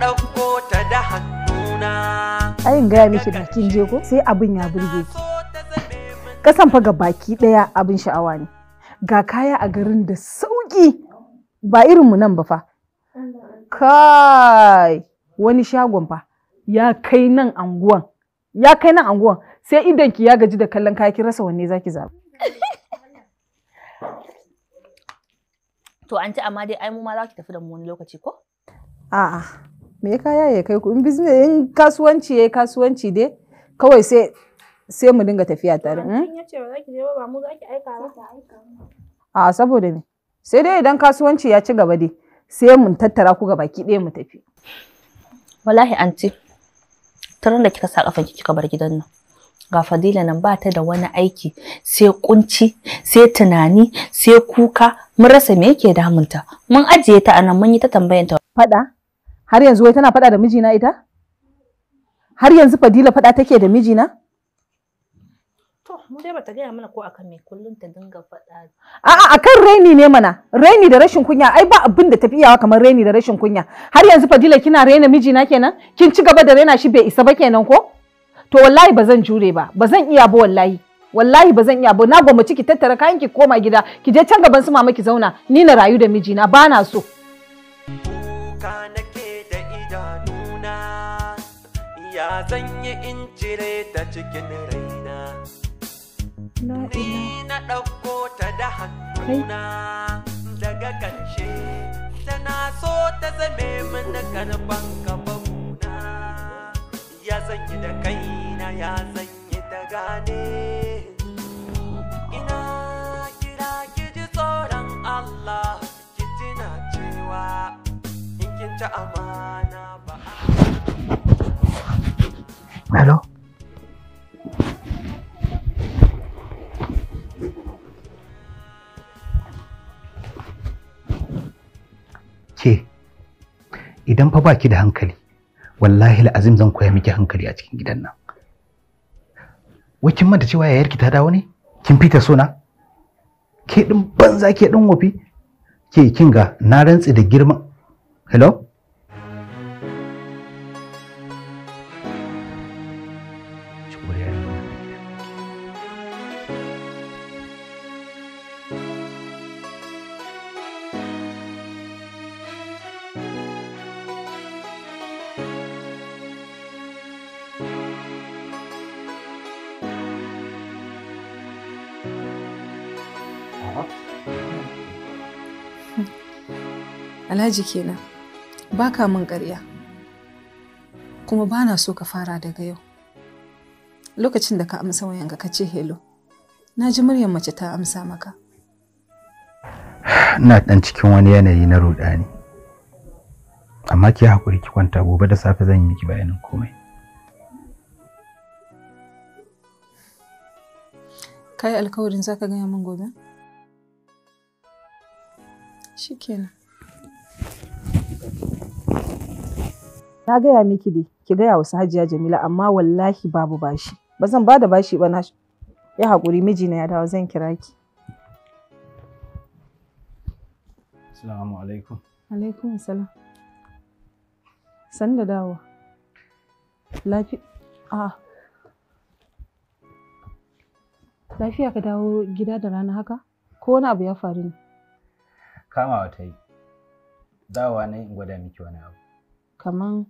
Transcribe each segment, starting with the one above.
ɗauko ta da hannuna. Ayin gaya miki da kin je ko sai abin ya burge ki. Kasan fa ga baki ɗaya abin sha'awa ne. Ga kaya a garin da sauƙi ba irinmu nan ba fa. Kai wani shagon fa ya kai nan anguwan. Ya kai nan anguwan sai idanki ya gaji da kallon kaya ki rasa wanne zaki zaɓi. To an ci amma dai ai mu ma za ki tafi da mu wani lokaci ko? A'a. me kaya ya kai ku in in kasuwanci yi kasuwanci dai kawai sai sai mu dinga tafiya tare in hmm? yace ba za ki je ba mu za ki aika ba ta aika a saboda me sai dai idan kasuwanci ya ci gaba dai sai mun tattara ku gaba ki ɗaya mu tafi wallahi anti taron da kika sa kafanki kika bar gidan nan ga fadila nan ba ta da wani aiki sai kunci sai tunani sai kuka mun rasa me yake damunta mun ajiye ta anan mun yi ta tambayanta fada har yanzu wai tana faɗa da mijina ita har yanzu fadila faɗa take da mijina to mu dai bata gaya mana ko akan me kullum ta dinga faɗa a'a akan raini ne mana raini da rashin kunya ai ba abin da tafi iyawa kamar raini da rashin kunya har yanzu fadila kina raina mijina kenan kin ci gaba da raina shi bai isa ba kenan ko to wallahi ba zan jure ba ba zan iya ba wallahi wallahi ba zan iya ba na gwamnati ki tattara kayan ki koma gida ki je can gaban su mama ki zauna ni na rayu da mijina ba na so Thank you. ya zan yi in cire ta cikin raina ni na ɗauko ta da hannuna daga ƙarshe tana so ta zame min da karfan kafafuna ya zan yi da kaina ya zan yi da gane ke idan fa baki da hankali wallahi azim zan koya miki hankali a cikin gidan nan wakin kin manta cewa yayarki ta dawo ne kin fita sona ke din banza ke din wofi? ke kin ga na rantsi da girman hello ba alhaji kenan baka min ƙarya kuma bana so ka fara daga yau lokacin da ka amsa wayanka ka ce hello na ji muryar mace ta amsa maka ina ɗan cikin wani yanayi na rudani amma ki haƙuri ki kwanta gobe da safe zan yi miki bayanin komai kai alkawarin zaka gaya min gobe Shikenan. Na gaya miki dai, ki gaya wa su Hajiya Jamila amma wallahi babu bashi. Ba zan bada bashi ba na ya haƙuri mijina ya dawo zan kira ki. Assalamu alaikum. Alaikum salam. San da dawo. Lafi a Lafiya ka dawo gida da rana haka? Ko wani abu ya faru ne? kamawa ta yi dawa na in gwada miki wani abu kaman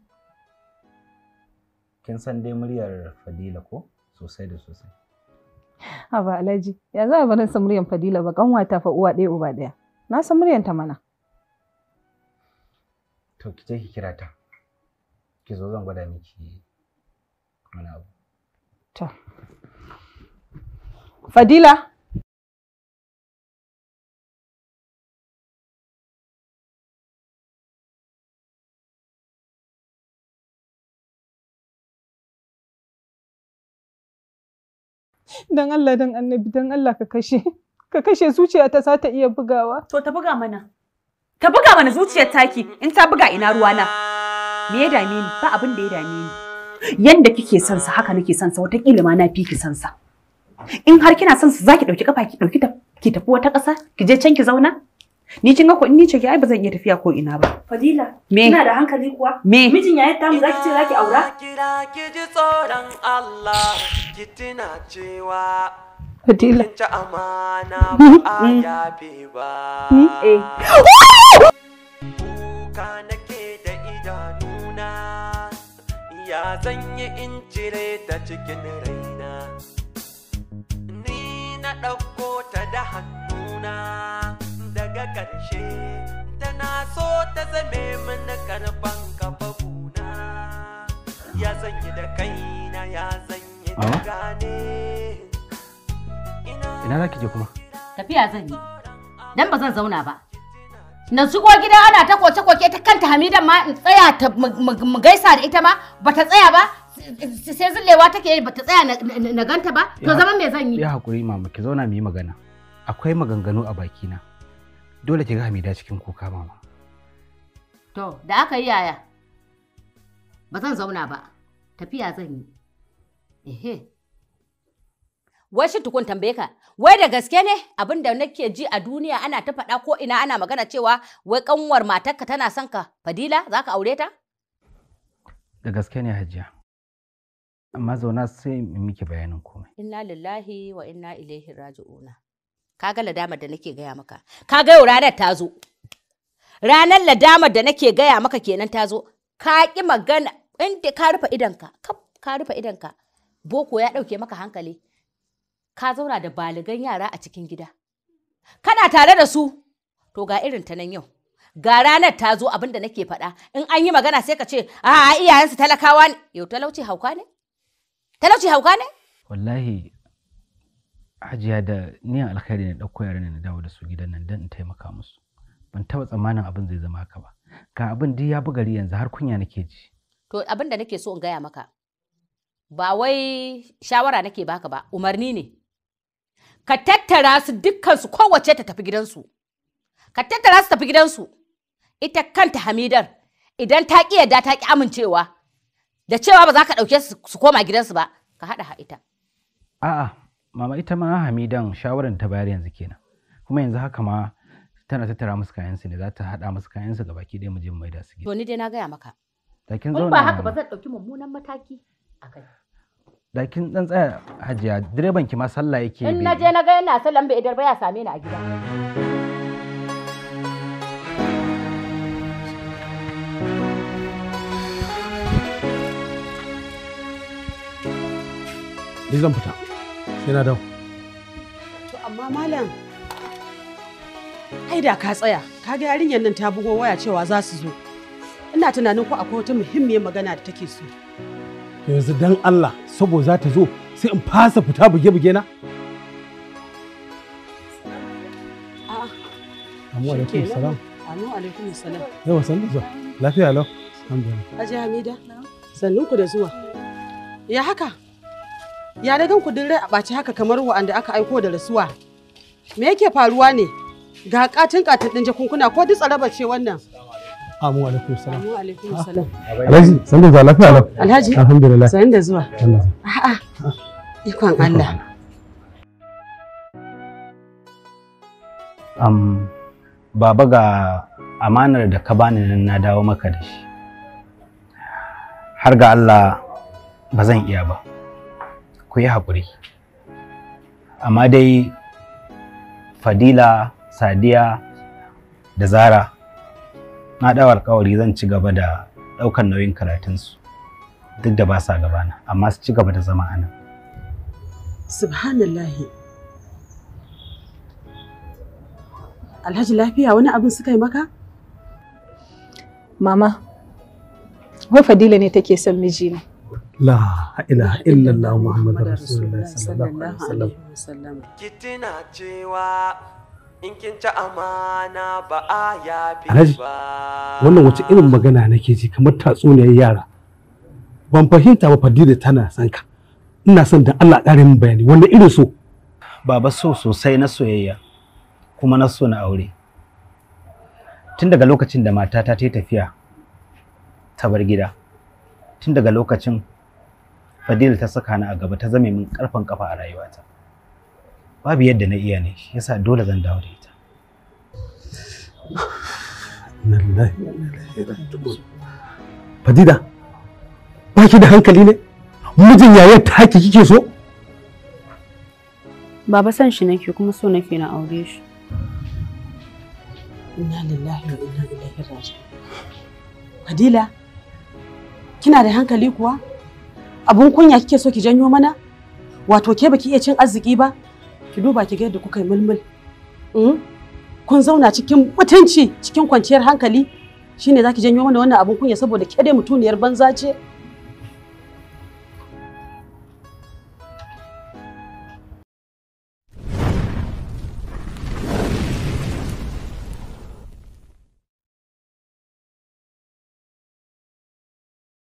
kin san dai muryar fadila ko sosai da sosai Haba Alhaji, ya za a sa muryar Fadila ba kanwata fa uwa ɗaya uba ɗaya. Na san muryar ta mana. To ki ki kira ta. Ki zo zan gwada miki wani abu. To. Fadila, Dan Allah dan annabi dan Allah ka kashe. Ka kashe zuciya ta za ta iya bugawa. To ta buga mana. Ta buga mana zuciyar taki in ta buga ina ruwa na? Me ya dame ni? Ba abin da ya dame ni. Yanda kike son sa haka nake son sa wataƙila ma na fi ki son sa. In har kina son sa zaki ɗauki kafa ki ɗauki ta ki tafi wata ƙasa ki je can ki zauna? Ni kin ga ko ni ce ki ai ba zan iya tafiya ko ina ba. Fadila, me? Kina da hankali kuwa? Me? Mijin ya yatta mu zaki ce zaki aura? Kira ki ji tsoron Allah, ki tuna cewa Fadila. Kin ci amana mm-hmm. ba a yabe ba. Ni mm-hmm. eh. Kuka nake da idanuna, ya zan yi in cire ta cikin raina. Ni na ɗauko ta da hannuna. daga ƙarshe tana so ta zame mana karfan kafa buna ya zanyi da kaina ya zanyi da gane ina za ki je kuma tafiya zan yi dan ba zan zauna ba na shigo gida ana ta koke koke ta kanta hamidan ma in tsaya ta mu gaisa da ita ma bata tsaya ba sai zullewa take bata tsaya na ganta ba to zaman me zan yi ya hakuri mama ki zauna mu yi magana akwai maganganu a bakina dole ki ga Hamida cikin kuka mama. To, da aka yi yaya? Ba zan zauna ba, tafiya zan yi. Ehe. Wai shi tukun tambaye ka, wai da gaske ne abin da nake ji a duniya ana ta faɗa ko ina ana magana cewa wai ƙanwar matarka tana son ka fadila za ka aure ta? Da gaske ne hajiya. Amma zauna sai miki bayanin komai. Inna lillahi wa inna ilaihi raji'una. kaga ladamar da nake gaya maka ka yau ranar ta zo ranar ladamar da nake gaya maka kenan ta zo ka ki magana inda ka rufe idanka ka rufe boko ya ɗauke maka hankali ka zauna da baligan yara a cikin gida kana tare da su to ga irin ta nan yau ga ranar ta zo abin da nake faɗa in an yi magana sai ka ce a iyayensu talakawa ne yau talauci hauka ne talauci hauka ne wallahi hajiya da niyan alkhairi na ɗauko yaran na dawo da su gidan nan don in taimaka musu ban taɓa tsammanin abin zai zama haka ba ga abin duk ya bugari yanzu har kunya nake ji to abin da nake so in gaya maka ba wai shawara nake baka ba umarni ne ka tattara su dukkan su kowace ta tafi gidansu ka tattara su tafi gidansu ita kanta hamidar idan ta ƙi yarda ta ƙi amincewa da cewa ba za ka ɗauke su koma gidansu ba ka haɗa ha ita a'a mama ita ma hamidan shawaran ta bayar yanzu kenan kuma yanzu haka ma tana tattara musu kayan su ne za ta haɗa musu kayan su gabaki ɗaya mu je mu maida su to ni dai na gaya maka dakin zauna ba haka ba zan dauki mummunan mataki akai dakin dan tsaya hajiya direban ki ma sallah yake in na je na ga yana sallan bai idar ba ya same ni a gida Ni zan fita. Yana dau. To amma malam ai da ka tsaya ka ga yarinyar nan ta bugo waya cewa za su zo. Ina tunanin ko akwai wata muhimmiyar magana da take so. Yanzu dan Allah sabo za ta zo sai in fasa fita buge-buge na? Amu alaikum salam. Amu alaikum salam. Yawa sannu zuwa. Lafiya lau. Alhamdulillah. Aji Hamida. ku da zuwa. Ya haka? Ya da gan kudin rai a ɓaci haka kamar wa'anda aka aiko da rasuwa. Me yake faruwa ne? Ga katin katin din jakunkuna ko duk raba ce wannan? Amu alaikum salam. Amu alaikum salam. Alhaji, san da zalafi lafiya Alhaji, alhamdulillah. San da zuwa. A'a. Ikon Allah. Um, baba ga amanar da ka bani nan na dawo maka da shi. Har ga Allah ba zan iya ba. ku yi haƙuri amma dai fadila sadiya da zara na ɗau alƙawari zan ci gaba da ɗaukan nauyin karatunsu duk da ba sa gabana amma su ci gaba da zama anan Subhanallah! alhaji lafiya wani abin suka yi maka mama wai fadila ne take son mijina la ilaha illallah muhammadu rasulullah sallallahu alaihi wasallam kitina cewa in kin ci amana ba a yafi wannan wace irin magana nake ji kamar tatsuniyar yara ban fahimta ba fadila tana sanka. ina son da Allah ƙara min bayani wanda irin so baba so sosai na soyayya kuma na so na aure tun daga lokacin da matata ta yi tafiya ta bar gida tun daga lokacin Fadil ta saka ni a gaba ta zame min karfan kafa a rayuwata. Babu yadda na iya ne, yasa dole zan dawo da ita. fadila ba ki da hankali ne? Mijin yayar ta haki kike so? Baba san shi nake kuma so nake na aure shi. Inna lillahi wa inna ilaihi raji'un. Fadila, kina da hankali kuwa? abun kunya kike so ki janyo mana wato ke baki iya cin arziki ba ki duba ki ga yadda kuka yi mulmul hmm? kun zauna cikin mutunci cikin kwanciyar hankali shine zaki janyo mana wannan abun kunya saboda ke dai mutuniyar banza ce